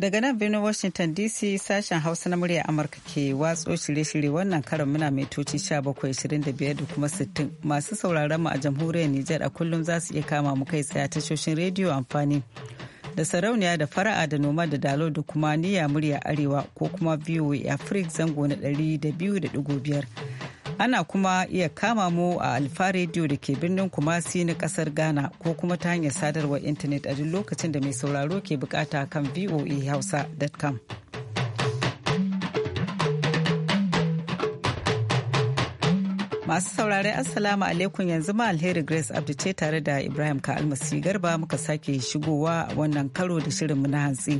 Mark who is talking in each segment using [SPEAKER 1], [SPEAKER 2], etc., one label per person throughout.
[SPEAKER 1] Daga nan birnin Washington DC sashen Hausa na murya Amurka ke watso shirye-shirye wannan karin muna mitoci 1725 da kuma 60 masu sauraron mu a jamhuriyar Nijar a kullum za su iya kama mu kai tsaye tashoshin rediyo amfani da sarauniya da fara'a da noma da dalo da kuma niyya murya arewa ko kuma VOA Africa zango na 200.5 ana kuma iya kama mu a alfa rediyo da ke birnin kumasi na kasar ghana ko kuma ta hanyar sadarwar intanet a duk lokacin da mai sauraro ke bukata kan voahausa.com masu saurare assalamu alaikum yanzu ma alheri grace abdu ce tare da ibrahim ka almasi garba muka sake shigowa wannan karo da shirin mu na hantsi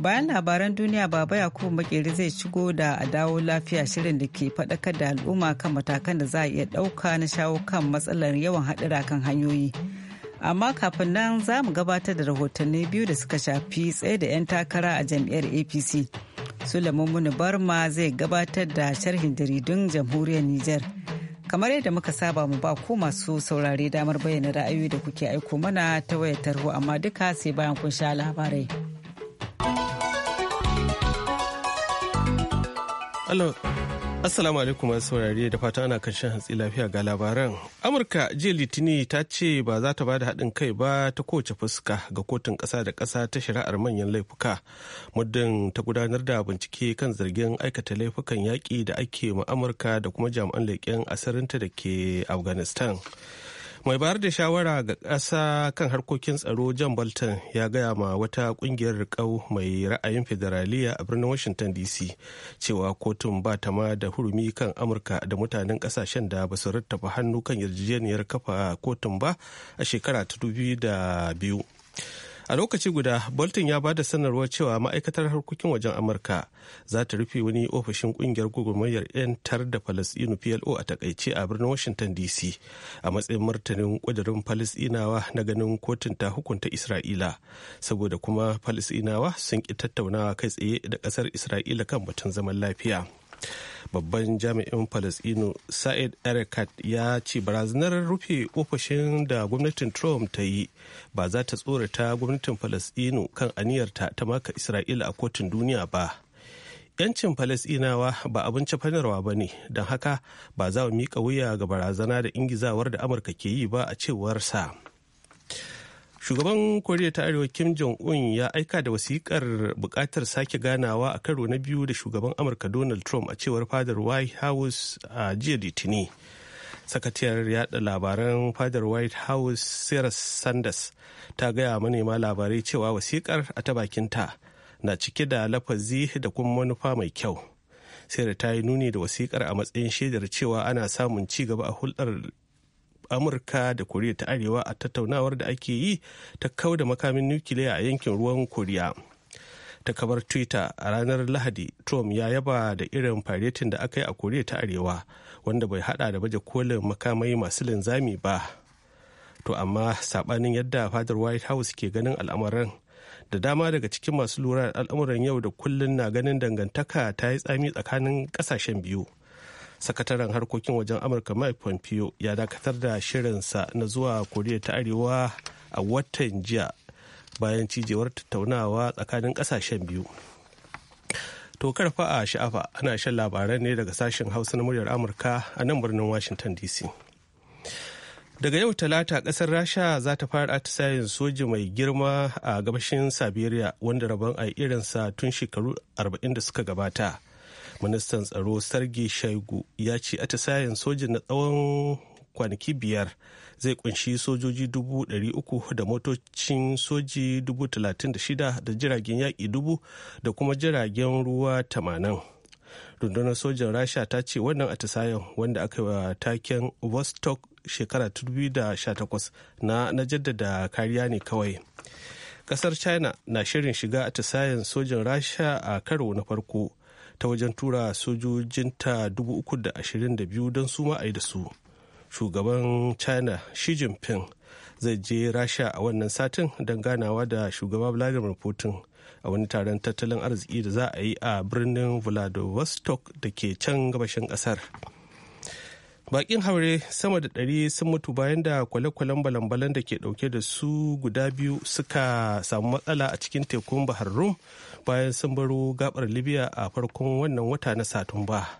[SPEAKER 1] bayan labaran duniya baba yakubu makeri zai shigo da a dawo lafiya shirin da ke faɗakar da al'umma kan matakan da za a iya ɗauka na shawo kan matsalar yawan haɗura kan hanyoyi amma kafin nan za mu gabatar da rahotanni biyu da suka shafi tsaye da 'yan takara a jam'iyyar apc sulaiman muni barma zai gabatar da sharhin jaridun jamhuriyar niger kamar yadda muka saba mu ba ko masu saurare damar bayyana ra'ayoyi da kuke aiko mana ta wayar tarho amma duka sai bayan kun sha labarai. Allah
[SPEAKER 2] Assalamu alaikum masu saurare da fata ana karshen hantsi lafiya ga labaran. Amurka jiya Litini ta ce ba za ta bada haɗin kai ba ta kowace fuska ga kotun ƙasa da ƙasa ta shari'ar manyan laifuka. Muddin ta gudanar da bincike kan zargin aikata laifukan yaƙi da ake ma Amurka da kuma jami'an leƙen asirinta da ke Afghanistan. mai bayar da shawara ga ƙasa kan harkokin tsaro john bolton ya gaya ma wata ƙungiyar riƙau mai ra'ayin federaliya a birnin washington dc cewa kotun ba ta ma da hurumi kan amurka da mutanen ƙasashen da ba su rattaba hannu kan yarjejeniyar kafa kotun ba a shekara ta biyu. a lokaci guda bolton ya ba da sanarwar cewa ma'aikatar harkokin wajen amurka za ta rufe wani ofishin kungiyar gwagwarmayar yantar da palestinu plo a takaice a birnin washington dc a matsayin martanin kudurin falasɗinawa na ganin kotun ta hukunta isra'ila saboda kuma falasɗinawa sun ki tattaunawa kai tsaye da ƙasar isra'ila kan batun zaman lafiya babban jami'in falasɗinu sa'id erekat ya ce barazanar rufe ofishin da gwamnatin trump ta yi ba za ta tsorata gwamnatin falasɗinu kan aniyarta ta maka isra'ila a kotun duniya ba yancin falasɗinawa ba abin fanarwa ba ne don haka ba za mu miƙa wuya ga barazana da ingizawar da amurka ke yi ba a cewar sa shugaban koriya ta arewa kim jong-un ya aika da wasikar bukatar sake ganawa a karo na biyu da shugaban amurka donald trump a cewar fadar white house a jiya litini sakatiyar yada labaran fadar white house sarah sanders ta gaya manema labarai cewa wasikar a ta bakinta na cike da lafazi da kuma manufa mai kyau sarah ta yi nuni da wasikar a matsayin shaidar cewa ana samun ci gaba a hulɗar amurka da koriya ta arewa a tattaunawar da ake yi ta kau da makamin nukiliya a yankin ruwan koriya ta kabar twitter a ranar lahadi trump ya yaba da irin faretin da aka yi a koriya ta arewa wanda bai hada da baje kolin makamai masu linzami ba to amma sabanin yadda fadar white house ke ganin al'amuran da dama daga cikin masu lura da al'amuran yau da kullun na ganin dangantaka ta yi tsami tsakanin kasashen biyu sakataren harkokin wajen amurka mike pompeo ya dakatar da shirinsa na zuwa koriya ta arewa a watan jiya bayan cijewar tattaunawa tsakanin kasashen biyu to karfa a sha'afa ana shan labaran ne daga sashen hausa na muryar amurka a nan birnin washington dc daga yau talata kasar rasha za ta fara atisayen soji mai girma a gabashin siberia wanda rabon a irinsa tun shekaru 40 da suka gabata ministan tsaro sarge shaigu ya ce atisayen sojin na tsawon kwanaki biyar zai kunshi sojoji dubu ɗari da motocin soji dubu da shida da jiragen yaƙi dubu da kuma jiragen ruwa tamanin rundunar sojin rasha ta ce wannan atisayen wanda aka yi wa taken vostok shekara 2018 na na jaddada kariya ne kawai kasar china na shirin shiga atisayen sojin rasha a karo na farko ta wajen tura sojojinta 322 don su ma'ai da su shugaban china xi jinping zai je rasha a wannan satin don ganawa da shugaba vladimir putin a wani taron tattalin arziki da za a yi a birnin vladivostok da ke can gabashin kasar bakin haure sama da ɗari sun mutu bayan da kwale-kwalen balan da ke ɗauke da su guda biyu suka samu matsala a cikin tekun bahar rum bayan sun baro gabar libya a farkon wannan wata na satumba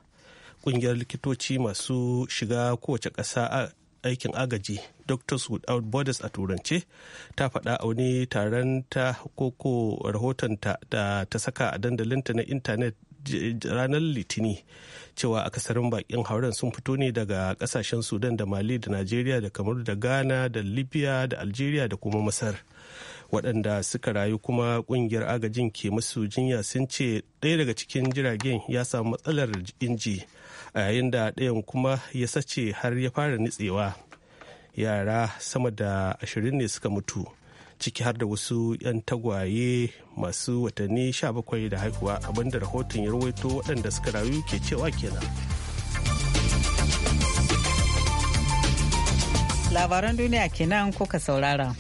[SPEAKER 2] kungiyar likitoci masu shiga kowace ƙasa aikin agaji doctors without borders a turance ta faɗa a wani taron ta koko rahotonta da ta saka a dandalinta na intanet ranar litini cewa a akasarin bakin hauren sun fito ne daga kasashen sudan da mali da najeriya da kamaru da ghana da libya da algeria da kuma masar waɗanda suka rayu kuma ƙungiyar agajin ke musu jinya sun ce ɗaya daga cikin jiragen ya samu matsalar inji a yayin da ɗayan kuma ya sace har ya fara nitsewa yara sama da ashirin ne suka mutu ciki har da wasu 'yan tagwaye masu watanni 17 da haihuwa abinda rahoton ya rawaito waɗanda suka rayu ke cewa kenan.
[SPEAKER 1] labaran duniya kenan ka saurara.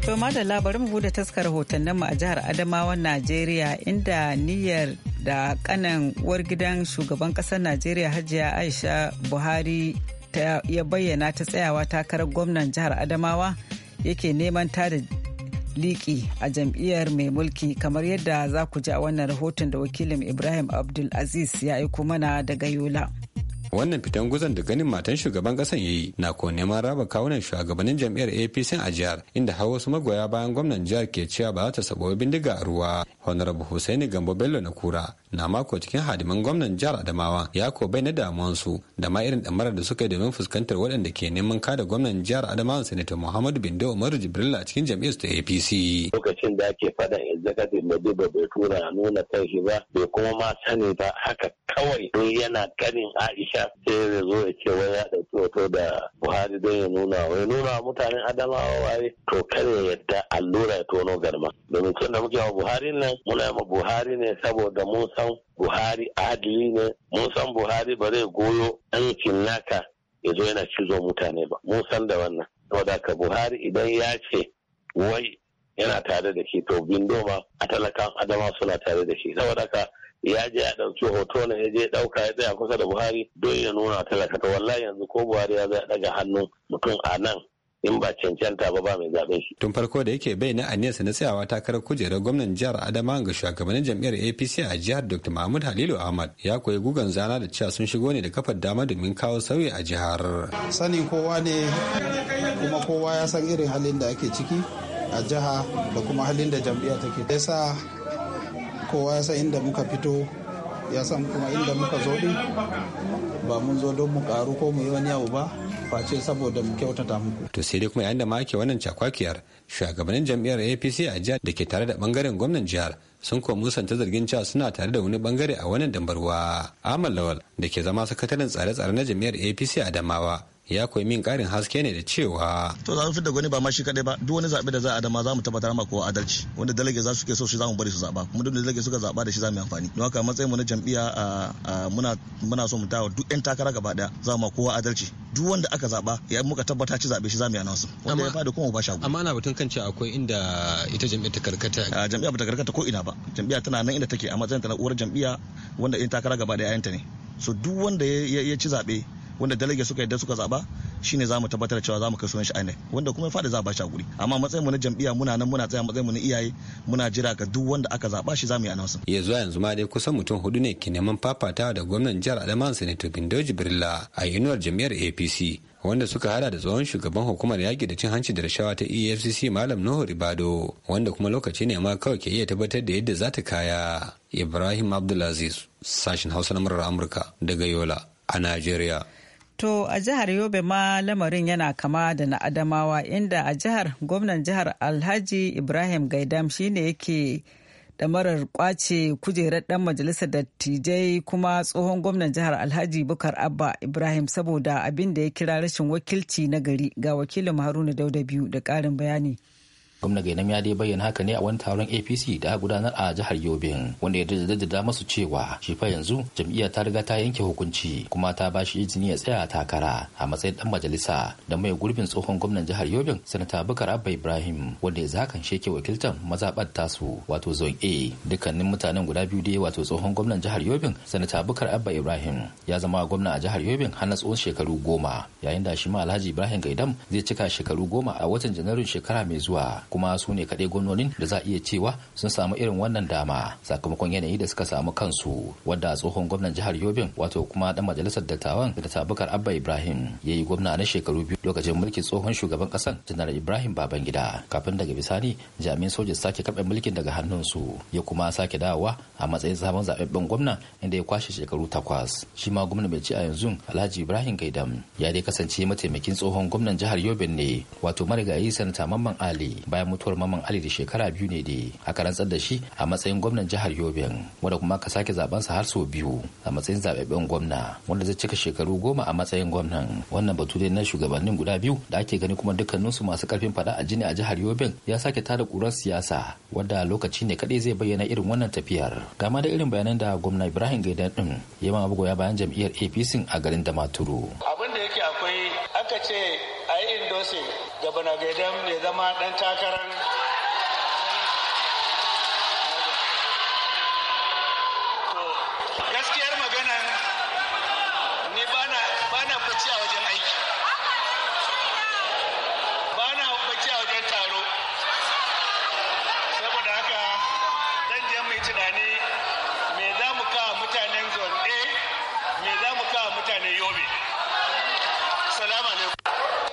[SPEAKER 1] To da bari mu bude taskar mu a jihar Adamawan Najeriya inda niyyar da kanan uwar gidan shugaban kasar Najeriya Hajiya Aisha Buhari ta ya bayyana ta tsayawa takarar gwamnan jihar Adamawa yake neman da liki a jam'iyyar mai mulki kamar yadda za ku ji a wannan rahoton da wakilin Ibrahim Abdul Aziz ya aiko mana daga Yola.
[SPEAKER 3] wannan fitan guzan da ganin matan shugaban kasan yi. na ko neman raba kawunan shugabannin jam'iyyar apc a jihar inda har wasu magoya bayan gwamnan jihar ke cewa ba za ta sabo bindiga a ruwa honorable hussein gambo bello na kura na mako cikin hadiman gwamnan jihar adamawa ya ko bai na damuwan su da ma irin damar da suka yi domin fuskantar waɗanda ke neman kada gwamnan jihar adamawa sanata muhammadu bindo umaru jibrila a cikin jam'iyyar ta apc
[SPEAKER 4] lokacin da ake faɗa executive ba bai tura nuna kai ba bai kuma ma sani ba haka kawai don yana ganin aisha baya sai da zo ya ce da ya ɗauki hoto da buhari don ya nuna wa ya nuna mutanen adamawa waye to kar ya yadda allura ya tono garma domin tun da muke wa buhari nan muna ma buhari ne saboda mun san buhari adili ne mun san buhari ba zai goyo yankin naka ya zo yana cizo mutane ba mun san da wannan saboda ka buhari idan ya ce wai yana tare da shi to bindo ma a talakan adama suna tare da shi saboda ka ya je ya ɗauki hoto ne ya je ɗauka ya tsaya kusa da buhari don ya nuna talaka ta wallahi yanzu ko buhari ya zai ɗaga hannu mutum a nan in ba cancanta ba ba mai zaɓe shi.
[SPEAKER 3] Tun farko da yake bai na aniyarsa na tsayawa takarar kujerar gwamnan jihar Adama ga shugabannin jam'iyyar APC a jihar Dr. Mahmud Halilu Ahmad ya koyi gugan zana da cewa sun shigo ne da kafar dama domin kawo sauyi a jihar.
[SPEAKER 5] Sani kowa ne kuma kowa ya san irin halin da ake ciki a jiha da kuma halin da jam'iyyar take. Yasa kowa ya san inda muka fito
[SPEAKER 2] ya san kuma inda muka zo din ba mun zo don mu karu ko mu yi wani abu ba face saboda mu kyautata muku.
[SPEAKER 3] To sai dai kuma yayin da ma ake wannan cakwakiyar shugabannin jam'iyyar APC a jihar da ke tare da bangaren gwamnan jihar sun kuma musanta zargin cewa suna tare da wani bangare a wannan dambarwa. Amal Lawal da ke zama sakataren tsare-tsare na jam'iyyar APC a Damawa ya
[SPEAKER 2] koyi min karin haske ne da cewa to za mu fitar gwani ba ma shi kadai ba duk wani zabe da za a da ma za mu tabbatar ma kowa adalci wanda dalage za su ke so shi za mu bari su zaba kuma duk dalage suka zaba da shi za mu yi amfani don haka matsayin mu na jam'iyya muna muna so mu tawa duk yan takara gaba daya za mu kowa adalci duk wanda aka zaba ya muka tabbata ci zabe shi za mu yana su wanda ya fada kuma ba shago
[SPEAKER 3] amma ana batun kan ce akwai inda
[SPEAKER 2] ita jam'iyyar ta karkata jam'iyyar ba ta karkata ko ina ba jam'iyyar tana nan inda take a matsayin ta na uwar jam'iyya wanda yan takara gaba daya ayanta ne so duk wanda ya ci zabe wanda dalage suka yadda suka zaba shine mu tabbatar cewa za mu kai sunan shi ainihin wanda kuma ya fada za a bashi amma matsayin mu na jam'iyya muna nan muna tsaya matsayin mu na iyaye muna jira ga duk wanda aka zaba shi zamu yi announce
[SPEAKER 3] ya zuwa yanzu ma dai kusan mutum hudu ne ke neman fafatawa da gwamnan jihar Adamawa Senator Bindo Jibrilla a inuwar jam'iyyar APC wanda suka hada da tsohon shugaban hukumar yaƙi da cin hanci da rashawa ta efcc malam nuhu ribado wanda kuma lokaci ne ma kawai ke iya tabbatar da yadda za ta kaya ibrahim abdulaziz sashen hausa na murar amurka daga yola a najeriya
[SPEAKER 1] To a jihar Yobe ma lamarin yana kama da na Adamawa inda a jihar gwamnan jihar Alhaji Ibrahim Gaidam shine yake da marar kwace kujerar dan majalisar dattijai kuma tsohon gwamnan jihar Alhaji Bukar Abba Ibrahim saboda abin da ya kira rashin wakilci na gari ga wakilin Haruna Dauda biyu da ƙarin bayani. gwamna gainam ya dai
[SPEAKER 6] bayyana haka ne a wani taron apc da a gudanar a jihar yobin wanda ya jaddada masu cewa shi fa yanzu jam'iyyar ta riga ta yanke hukunci kuma ta ba shi izini ya tsaya takara a matsayin dan majalisa da mai gurbin tsohon gwamnan jihar yobin sanata bukar abba ibrahim wanda ya zakan sheke wakiltar mazabar tasu wato zone a dukkanin mutanen guda biyu da dai wato tsohon gwamnan jihar yobin sanata bukar abba ibrahim ya zama gwamna a jihar yobin har na tsawon shekaru goma yayin da shi ma alhaji ibrahim gaidam zai cika shekaru goma a watan janairun shekara mai zuwa kuma su ne kaɗai gwamnonin da za a iya cewa sun samu irin wannan dama sakamakon yanayi da suka samu kansu wadda tsohon gwamnan jihar yobin wato kuma dan majalisar dattawan da tabukar abba ibrahim ya yi gwamna na shekaru biyu lokacin mulkin tsohon shugaban ƙasar janar ibrahim babangida kafin daga bisani jami'in sojin sake kaɓe mulkin daga hannunsu ya kuma sake dawowa a matsayin sabon zaɓaɓɓen gwamna inda ya kwashe shekaru takwas shi ma gwamna mai ci a yanzu alhaji ibrahim gaidam ya dai kasance mataimakin tsohon gwamnan jihar yobin ne wato marigayi sanata mamman ali bayan bayan mutuwar maman ali da shekara biyu ne da aka rantsar da shi a matsayin gwamnan jihar yobin wanda kuma aka sake zaben sa har sau biyu a matsayin zababben gwamna wanda zai cika shekaru goma a matsayin gwamnan wannan batu dai na shugabannin guda biyu da ake gani kuma dukkaninsu masu karfin fada a jini a jihar yobin ya sake tada kuran siyasa wanda lokaci ne kadai zai bayyana irin wannan tafiyar gama da irin bayanan da gwamna ibrahim gaidan din ya ma goya bayan jam'iyyar apc a garin damaturu abin da yake
[SPEAKER 7] akwai aka ce a yi endorsing gaba na mai zama dan takarar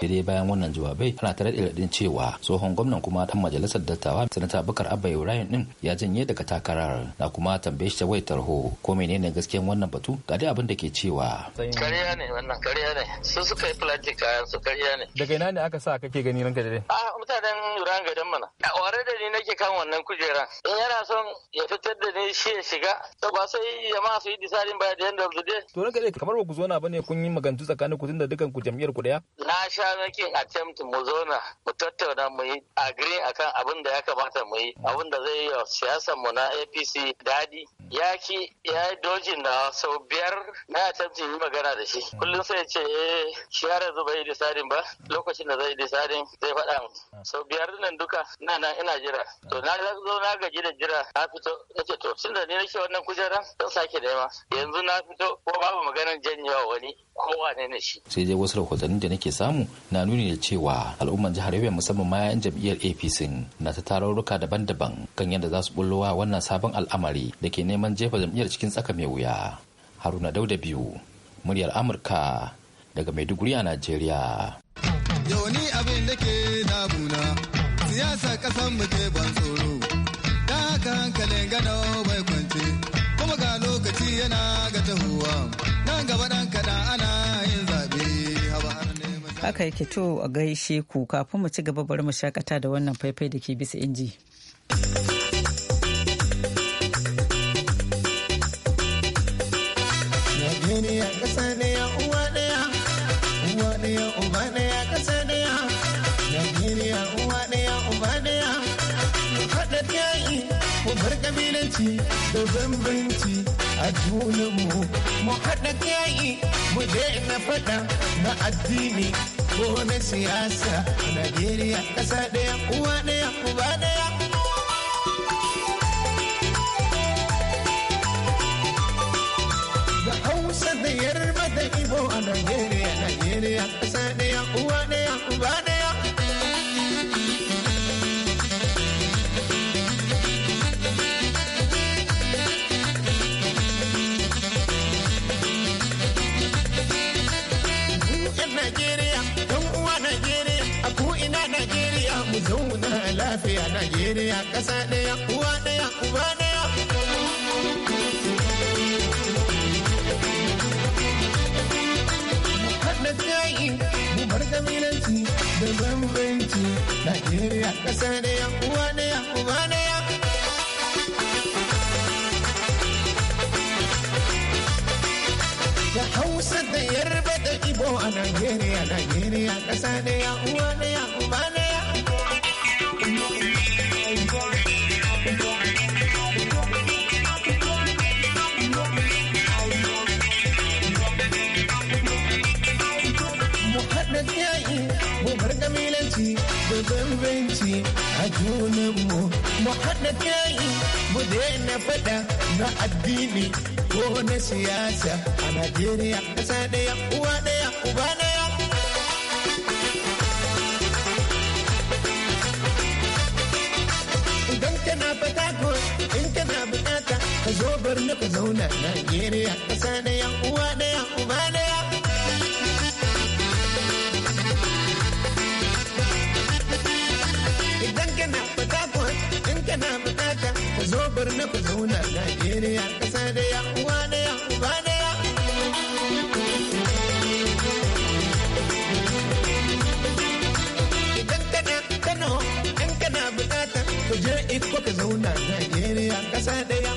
[SPEAKER 6] Daidai bayan wannan jawabai ana tare da cewa tsohon gwamnan kuma ta majalisar dattawa sanata bakar abba ibrahim din ya janye daga takarar na kuma tambaye shi ta wai tarho ko menene gaskiyan wannan batu ga dai abin da ke cewa kariya ne wannan kariya ne su suka yi plastic kayan su kariya ne daga ina ne aka sa kake gani ranka dai a ah, mutanen yuran gadan mana kan
[SPEAKER 7] wannan kujeran in yana son ya fitar da ni shi ya shiga to ba sai ma su yi disarin ba da yanda su je
[SPEAKER 6] to ranka kamar ba ku zo na bane kun yi magantu tsakanin ku tunda dukan ku jam'iyyar ku daya
[SPEAKER 7] na sha nakin attempt mu zo na, mu tattauna mu yi agree akan abin da ya kamata mu yi abin da zai yi siyasar mu na APC dadi ya ki ya yi dojin na sau biyar na attempt yi magana da shi kullum sai ya ce eh shi har yanzu bai yi disarin ba lokacin da zai yi disarin zai faɗa mu ah. sau biyar nan duka na nan ina jira to na zo na gaji da jira na fito na ce to tun da ni nake wannan kujeran zan sake da yawa yanzu na fito ko babu maganar janyewa wani kowa ne na shi
[SPEAKER 6] sai dai wasu rahotannin da nake samu na nuni da cewa al'umman jihar Yobe musamman ma 'yan jam'iyyar APC na ta tarurruka daban-daban kan yadda za su bullowa wannan sabon al'amari da ke neman jefa jam'iyyar cikin tsaka mai wuya Haruna Dauda biyu muryar Amurka daga Maiduguri a Najeriya.
[SPEAKER 7] Yau ni abin da ke damuna siyasa kasan mu ban tsoro da haka hankalin gano bai kwance kuma ga lokaci yana ga tahuwa nan gaba dan kaɗan ana yin zabe
[SPEAKER 1] haka yake to a gaishe ku kafin mu ci gaba bari mu shakata da wannan faifai da ke bisa inji.
[SPEAKER 8] da bambanci a junanmu mu haɗa yayi mu na faɗa na addini ko na siyasa Najeriya ƙasa ɗaya uwa ɗaya uba ɗaya zauna lafiya Najeriya ƙasa ɗaya uwa ɗaya uba ɗaya. Haɗa tayi mu bar kabilanci da bambanci Najeriya ƙasa ɗaya uwa ɗaya uba ɗaya. Da Hausa da Yarba da Ibo a Najeriya, Najeriya ƙasa ɗaya uwa ɗaya uba ɗaya. faɗa na addini ko na siyasa a Najeriya ƙasa ɗaya uwa ɗaya uba ɗaya. Idan kana fata ko in kana bukata ka zo bar na ka zauna Najeriya ƙasa ɗaya uwa ɗaya uba ɗaya. Idan kana fata ko in kana bukata ku zo bar na ku zauna Najeriya ƙasa da ya uwa da ya uba da ya. Idan kana Kano, in kana buƙatar ku je iko ka zauna Najeriya ƙasa da ya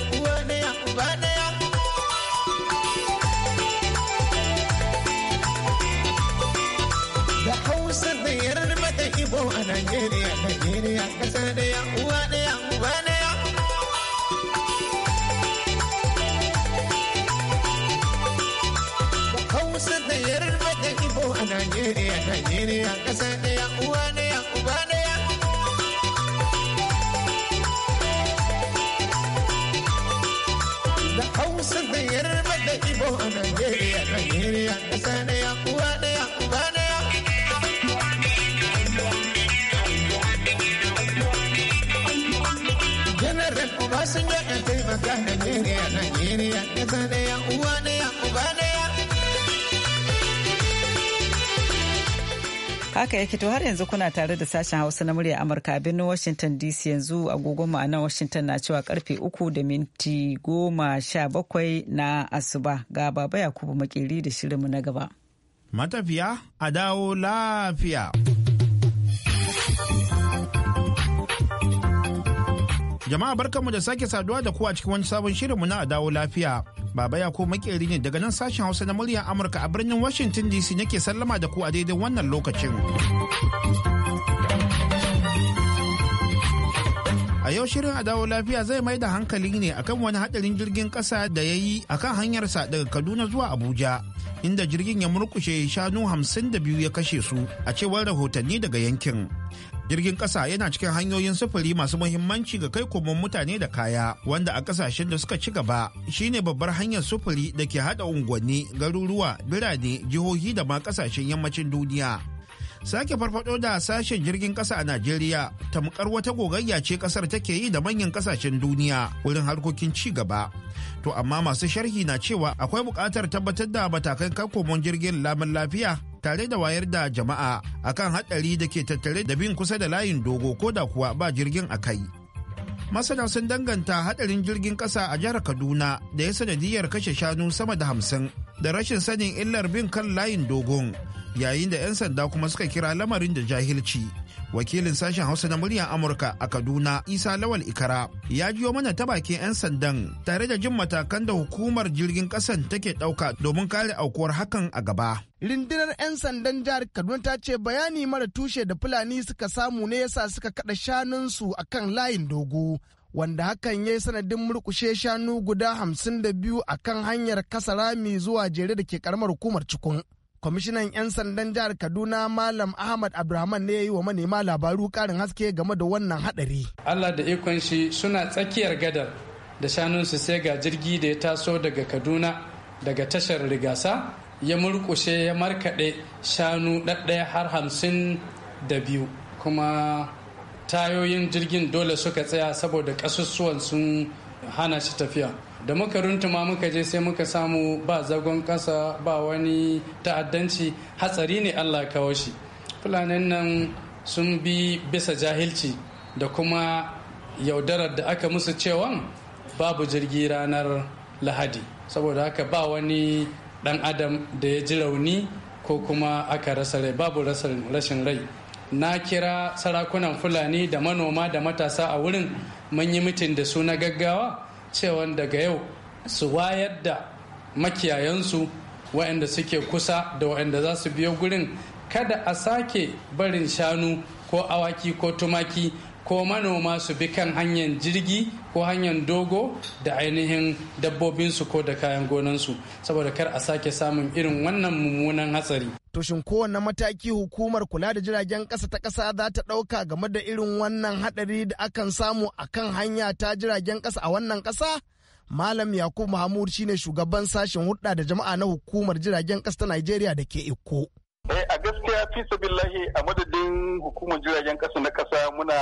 [SPEAKER 8] ɗaya ƙasa ɗaya uwa ɗaya uba ɗaya. Da Hausa da Yarba da Ibo a Najeriya, Najeriya ƙasa ɗaya uwa ya taimaka Najeriya, Najeriya
[SPEAKER 1] Haka yake to har yanzu kuna tare da sashen Hausa na murya Amurka a birnin Washington DC yanzu agogonmu a nan Washington na cewa karfe uku da minti goma na asuba ga baba Yakubu makeri da shirinmu na gaba. Matafiya a dawo lafiya.
[SPEAKER 5] Jama'a barkanmu da sake saduwa da kuwa cikin wani sabon shirinmu na a dawo lafiya. Baba ya ko makeri ne daga nan sashen Hausa na muryar Amurka a birnin Washington DC nake sallama da ku a daidai wannan lokacin. a yau shirin a dawo lafiya zai mai da hankali ne akan wani hadarin jirgin kasa da ya yi akan hanyarsa daga kaduna zuwa abuja inda jirgin ya murkushe shanu hamsin da biyu ya kashe su a cewar rahotanni daga yankin Jirgin ƙasa yana cikin hanyoyin sufuri masu muhimmanci ga kai komon mutane da kaya wanda a ƙasashen da suka ci gaba shine babbar hanyar sufuri da ke haɗa unguwanni, garuruwa, birane, jihohi da ma ƙasashen yammacin duniya. Sake farfado da sashen jirgin ƙasa a Najeriya tamkar wata gogayya ce ƙasar take yi da manyan ƙasashen duniya wurin harkokin ci gaba. To amma masu sharhi na cewa akwai buƙatar tabbatar da matakan kai komon jirgin lamin lafiya tare da wayar da jama'a akan haɗari da ke tattare da bin kusa da layin dogo ko da kuwa ba jirgin a kai. Masana sun danganta haɗarin jirgin ƙasa a jihar Kaduna da ya sanadiyar kashe shanu sama da hamsin da rashin sanin illar bin kan layin dogon yayin da 'yan sanda kuma suka kira lamarin da jahilci. wakilin sashen hausa na muryar amurka a kaduna isa lawal ikara ya jiyo mana ta bakin 'yan sandan tare da jin matakan da hukumar jirgin kasan take ɗauka domin kare aukuwar hakan a gaba
[SPEAKER 9] Rindinar 'yan sandan jihar Kaduna ta ce bayani mara tushe da Fulani suka samu ne yasa suka kada shanunsu a kan layin dogo. Wanda hakan ya yi sanadin murkushe shanu guda hamsin da biyu a kan hanyar kasa rami zuwa jere da ke karamar hukumar cikun. kwamishinan 'yan sandan jihar kaduna malam ahmad abdulrahman ne ya yi wa manema labaru karin haske game da wannan hadari
[SPEAKER 10] allah da ikon shi suna tsakiyar gadar da shanunsu sai ga jirgi da ya taso daga kaduna daga tashar rigasa ya murkushe ya markaɗe shanu ɗaɗɗaya har hamsin da biyu kuma tayoyin jirgin dole suka tsaya saboda ƙasusuwan sun hana shi tafiya da muka runtuma muka je sai muka samu ba zagon kasa ba wani ta'addanci hatsari ne allah kawo shi fulanin nan sun bi bisa jahilci da kuma yaudarar da aka musu cewa babu jirgi ranar lahadi saboda haka ba wani dan adam da ya ji rauni ko kuma aka rasa rai babu rashin rai na kira sarakunan fulani da manoma da matasa a wurin mun yi mitin da su na gaggawa cewan daga yau su wayar da makiyayansu waɗanda suke kusa da waɗanda za su biyo gurin kada a sake barin shanu ko awaki ko tumaki ko manoma su bi kan hanyar jirgi ko hanyar dogo da ainihin dabbobinsu ko da kayan gonansu saboda kar a sake samun irin wannan mummunan hatsari To shin kowane mataki
[SPEAKER 9] hukumar kula da jiragen ƙasa ta kasa za ta ɗauka game da irin wannan haɗari da akan samu a kan hanya ta jiragen ƙasa a wannan kasa Malam Yakubu Mahmud shine shugaban sashen hudda da jama'a na hukumar jiragen ƙasa ta Najeriya da ke iko eh, a
[SPEAKER 7] gaskiya fi billahi a madadin hukumar jiragen kasa na kasa muna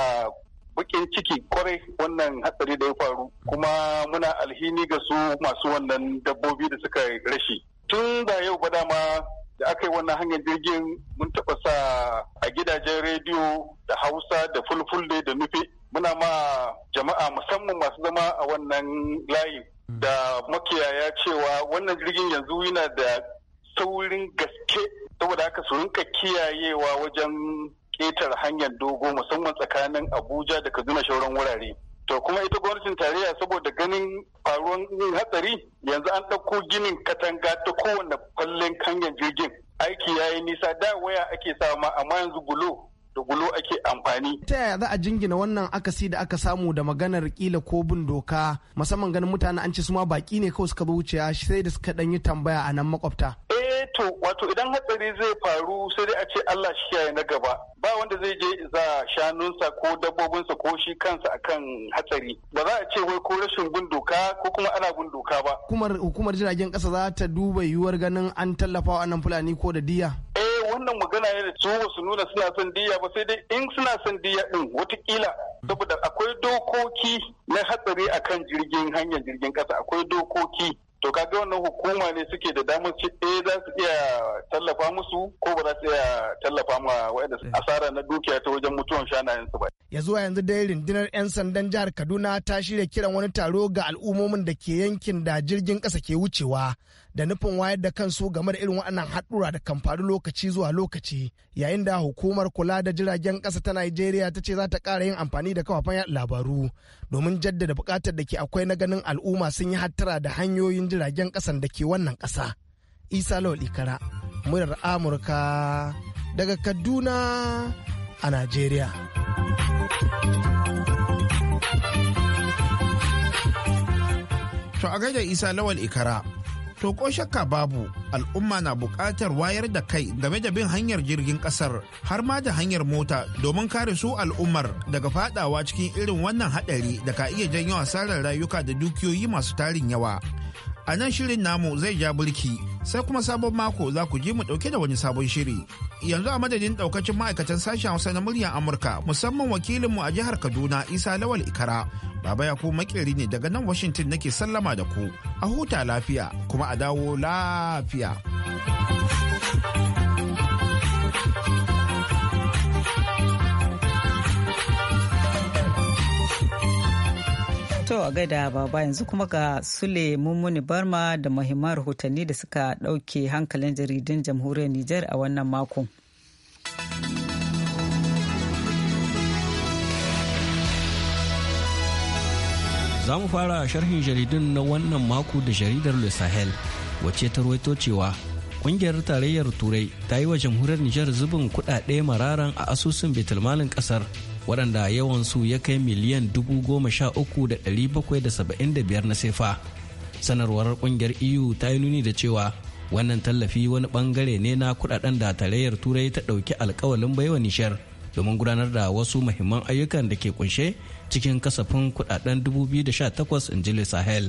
[SPEAKER 7] bukin ciki kwarai wannan hatsari da ya faru kuma muna alhini ga su masu wannan dabbobi da suka rashi tun da yau ba dama da aka yi wannan hanyar jirgin mun taɓa sa a gidajen rediyo da hausa da fulfulde da nufe muna ma jama'a musamman masu zama a wannan layi hmm. da makiyaya cewa wannan jirgin yanzu yana da saurin gaske saboda haka su rinka kiyayewa wajen ƙetare hanyar dogo musamman tsakanin abuja da kaduna shauran wurare To kuma ita gwamnatin tarayya saboda ganin faruwan hatsari yanzu an ɗauko ginin katanga ta kowane kwallon kanyan jirgin. Aiki ya yi nisa da waya ake sama amma yanzu gulo da gulo ake amfani.
[SPEAKER 9] Ta yaya za a jingina wannan akasi da aka samu da maganar kila ko bin doka musamman ganin mutane an ce su ma baki ne kawai suka zo wuce sai da suka ɗan yi tambaya a nan makwabta.
[SPEAKER 7] Eh Eh, to wato idan hatsari zai faru sai dai a ce Allah shi ya na gaba ba wanda zai je za shanunsa ko dabbobinsa ko shi kansa akan hatsari ba za a ce wai ko rashin bin doka ko kuma ana bin doka ba
[SPEAKER 9] kuma hukumar jiragen kasa za ta duba yiwuwar ganin an tallafa wa annan fulani ko da diya
[SPEAKER 7] eh wannan magana ne da su wasu nuna suna son diya ba sai dai in suna son diya din kila. saboda akwai dokoki na hatsari akan jirgin hanyar jirgin kasa akwai dokoki to kaga wannan hukuma ne suke da damar ce eh za su iya tallafa musu ko ba za su iya tallafa ma waɗanda asara na dukiya ta wajen mutuwan shanayen su ba
[SPEAKER 9] ya zuwa yanzu dai rundunar 'yan sandan jihar kaduna ta shirya kiran wani taro ga al'ummomin da ke yankin da jirgin ƙasa ke wucewa da nufin wayar da kansu game da irin waɗannan haɗura da kan lokaci zuwa lokaci yayin da hukumar kula da jiragen ƙasa ta Najeriya ta ce za ta ƙara yin amfani da kafafen yaɗa labaru domin jaddada buƙatar da ke akwai na ganin al'umma sun yi hattara da hanyoyin jiragen ƙasan da ke wannan ƙasa. Isa Lawal Ikara, murar Amurka daga Kaduna a Najeriya.
[SPEAKER 5] To a gaida Isa Lawal Ikara To ko shakka babu al'umma na buƙatar wayar da kai game da bin hanyar jirgin ƙasar har ma da hanyar mota domin kare su al'ummar daga fadawa cikin irin wannan haɗari da ka iya janyo asarar rayuka da dukiyoyi masu tarin yawa. A nan shirin namu zai ja burki sai kuma sabon mako za ku ji mu dauke da wani sabon shiri yanzu a madadin ɗaukacin ma'aikatan sashen hausa na muryar amurka musamman wakilin mu a jihar kaduna isa lawal ikara baba ya ku makeri ne daga nan washington nake sallama da ku a huta lafiya kuma a dawo lafiya
[SPEAKER 1] To a gaida baba yanzu kuma ga Sule Mummuni Barma da muhimman rahotanni da suka ɗauke hankalin jaridun jamhuriyar Nijar a wannan mako.
[SPEAKER 11] Za mu fara sharhin jaridun na wannan mako da jaridar Le Sahel wacce ta ruwaito cewa kungiyar tarayyar turai ta yi wa jamhuriyar Nijar zubin kudade mararan a asusun betulmalin kasar waɗanda yawansu ya kai miliyan dubu goma sha uku da bakwai da saba'in da biyar na sefa sanarwar ƙungiyar eu ta yi nuni da cewa wannan tallafi wani bangare ne na kudaden da tarayyar turai ta ɗauki alkawalin baiwa nishar domin gudanar da wasu muhimman ayyukan da ke kunshe cikin kasafin kudaden 2018 in ji sahel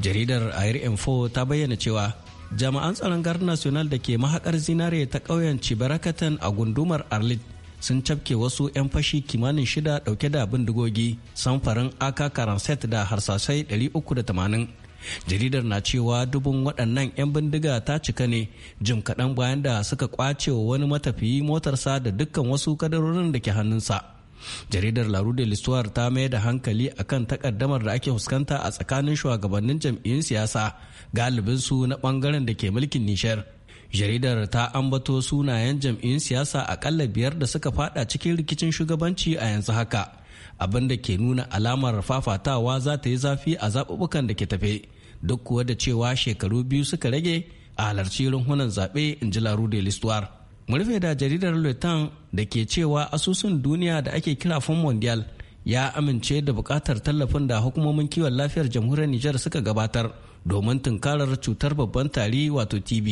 [SPEAKER 11] jaridar air info ta bayyana cewa jami'an tsaron gar national da ke mahakar zinare ta ƙauyen cibarakatan a gundumar arlit sun cafke wasu 'yan fashi kimanin shida dauke da bindigogi samfarin aka karanset da harsasai 380 jaridar na cewa dubun waɗannan 'yan bindiga ta cika ne jim kaɗan bayan da suka kwace wa wani matafiyi motarsa da dukkan wasu kadarorin da ke hannunsa. jaridar laru de ta mai da hankali a kan takaddamar da ake fuskanta a tsakanin shugabannin jam'iyyun siyasa galibinsu na ɓangaren da ke mulkin nishar jaridar ta ambato sunayen jam'in siyasa akalla biyar da suka fada cikin rikicin shugabanci a yanzu haka abin da ke nuna alamar fafatawa za ta yi zafi a zaɓuɓɓukan da ke tafe duk kuwa da cewa shekaru biyu suka rage a halarci runhunan zaɓe in ji larude listuwar mu rufe da jaridar lutan da ke cewa asusun duniya da ake kira fon mondial ya amince da buƙatar tallafin da hukumomin kiwon lafiyar jamhuriyar nijar suka gabatar domin tunkarar cutar babban tari wato tb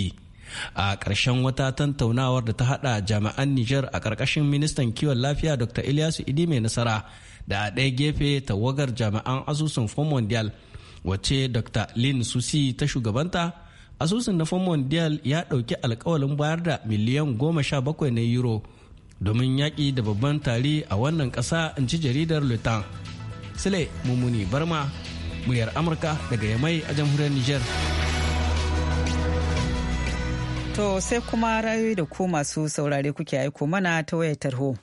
[SPEAKER 11] a ƙarshen wata tantaunawar da ta haɗa jami'an Nijar a ƙarƙashin ministan kiwon lafiya Dr. Ilyasu Idi mai nasara da a ɗaya gefe tawagar jami'an asusun Fon Mondial wacce Dr. Lin Susi ta shugabanta asusun na Fon Mondial ya ɗauki alkawalin bayar da miliyan goma sha bakwai na euro domin yaƙi da babban tari a wannan ƙasa in ci jaridar Lutan. Sule Mummuni Barma, muryar Amurka daga Yamai a jamhuriyar Nijar.
[SPEAKER 1] To sai kuma rayoyi da ku masu saurare kuke aiko mana ta wayar tarho.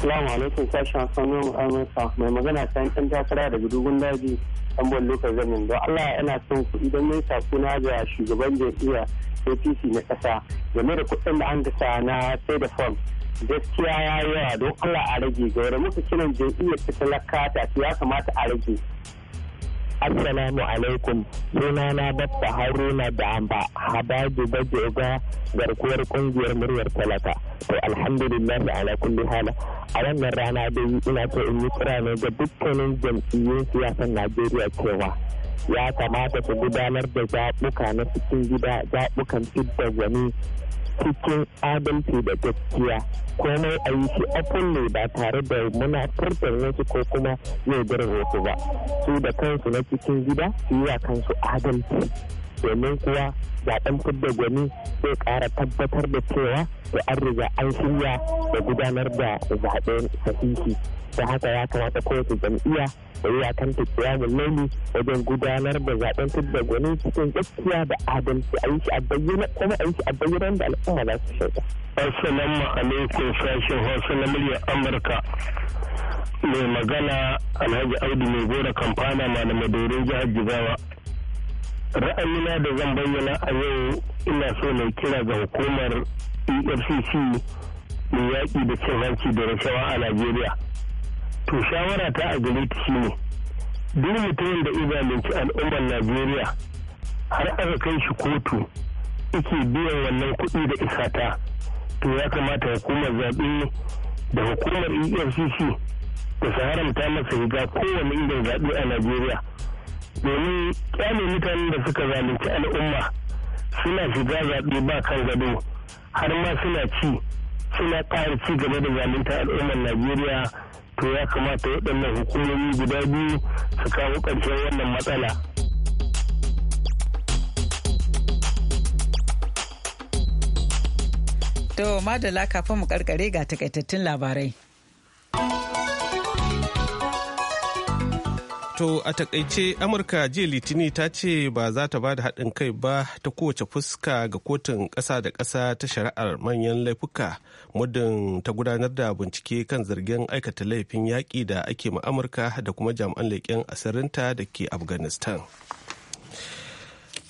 [SPEAKER 4] Salamu alaikum sashen sanu Amurka mai magana ta yankin takara da dugun daji bon lokacin zamin don Allah yana son ku idan mai sako na ga shugaban jam'iyya APC na ƙasa game da kuɗin da an gasa na sai da fom gaskiya ya yi yawa don Allah a rage wani muka kiran jam'iyyar ta talaka ta ya kamata a rage Assalamu alaikum suna na Baffa Haruna da Amba Habaji Ga garkuwar kungiyar muryar talaka to alhamdulillah ala kulli hala a wannan rana yi ina ta in yi kira ne ga dukkanin jam'iyyun siyasar Najeriya cewa ya kamata su gudanar da zaɓuka na cikin gida zaɓukan fidda gwani cikin adalci da gaskiya komai a yi shi ne ba tare da muna munafurtar wasu ko kuma yaudarar wasu ba su da kansu na cikin gida su yi wa kansu adalci domin kuwa zaben fidda gwani zai ƙara tabbatar da cewa da an riga an shirya da gudanar da zaben sahihi da haka ya kamata kowace jam'iyya da ya kan kiyamun laili wajen gudanar da zaben tudda gwani cikin gaskiya da adalci a yi shi a bayyana kuma a yi shi a bayyana da al'umma za su shaida. Assalamu alaikum sashen Hausa na muryar Amurka. Mai magana Alhaji Audu mai gora kamfana malamai dorin jihar Jigawa. Ra'ayina da zan bayyana a yau ina so na kira ga hukumar efcc mai yaƙi da cin hanci da rashawa a najeriya to shawara ta a gare ta shine duk mutumin da izalunci al'ummar najeriya har aka kai shi kotu ike biyan wannan kuɗi da isata to ya kamata hukumar zaɓe da hukumar efcc da su haramta masa riga kowane inda zaɓe a najeriya domin kyale mutanen da suka zalunci al'umma suna shiga zaɓe ba kan gado har ma suna ci suna ƙara ci gaba da zalunta al'ummar najeriya to ya kamata waɗannan hukumomi guda biyu su kawo ƙarshen wannan matsala
[SPEAKER 1] To madala kafin mu karkare ga takaitattun labarai. To a
[SPEAKER 2] takaice Amurka jiya Litini ta ce ba za ta ba da haɗin kai ba ta kowace fuska ga kotun ƙasa da ƙasa ta shari'ar manyan laifuka muddin ta gudanar da bincike kan zargin aikata laifin yaƙi da ake ma Amurka da kuma jami'an leƙen asirinta da ke Afghanistan.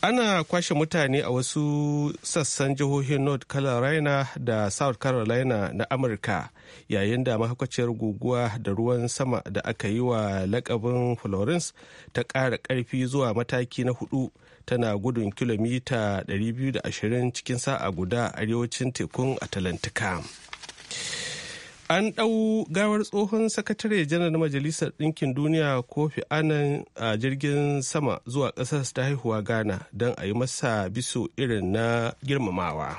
[SPEAKER 2] ana kwashe mutane a wasu sassan jihohin north carolina da south carolina na amurka yayin da mahaukaciyar guguwa da ruwan sama da aka yi wa lakabin florence ta ƙara ƙarfi zuwa mataki na hudu tana gudun kilomita 220 cikin sa'a guda arewacin tekun atlantika an ɗau gawar tsohon sakatare janar na majalisar ɗinkin duniya kofi anan a jirgin sama zuwa ƙasar ta haihuwa ghana don a yi masa biso irin na girmamawa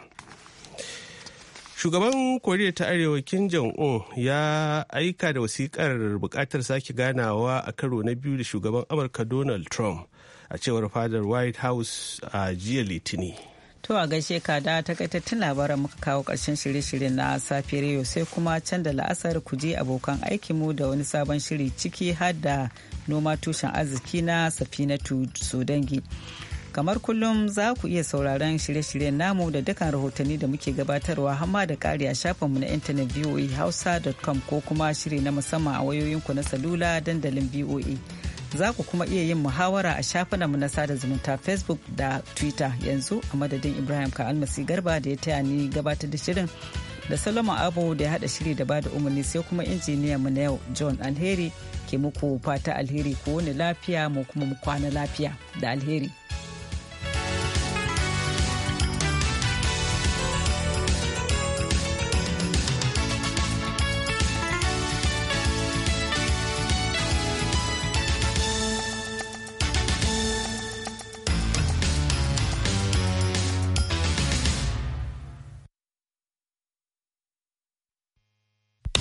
[SPEAKER 2] shugaban koriya ta arewa kim jong-un ya aika da wasiƙar buƙatar sake ganawa a karo na biyu da shugaban amurka donald trump a cewar fadar white house a jiya litini.
[SPEAKER 1] To a gaishe ka da takaitattun labaran muka kawo ƙarshen shirye-shirye na safiyar yau sai kuma can da la'asar ku je abokan aikinmu da wani sabon shiri ciki har da noma tushen arziki na safinatu dangi Kamar kullum za ku iya sauraron shirye shirye namu da dukkan rahotanni da muke gabatarwa hamma da ƙari a shafinmu na intanet voahausa.com ko kuma shiri na musamman a wayoyinku na salula dandalin voa. za ku kuma iya yin muhawara a mu na sada zumunta facebook da twitter yanzu a madadin ibrahim ka almasi garba da ya taya ni gabatar da shirin da salama abu da ya hada shiri da bada umarni sai kuma injiniya mu na yau john alheri ke muku fata alheri ko wani lafiya mu kuma mu kwana lafiya da alheri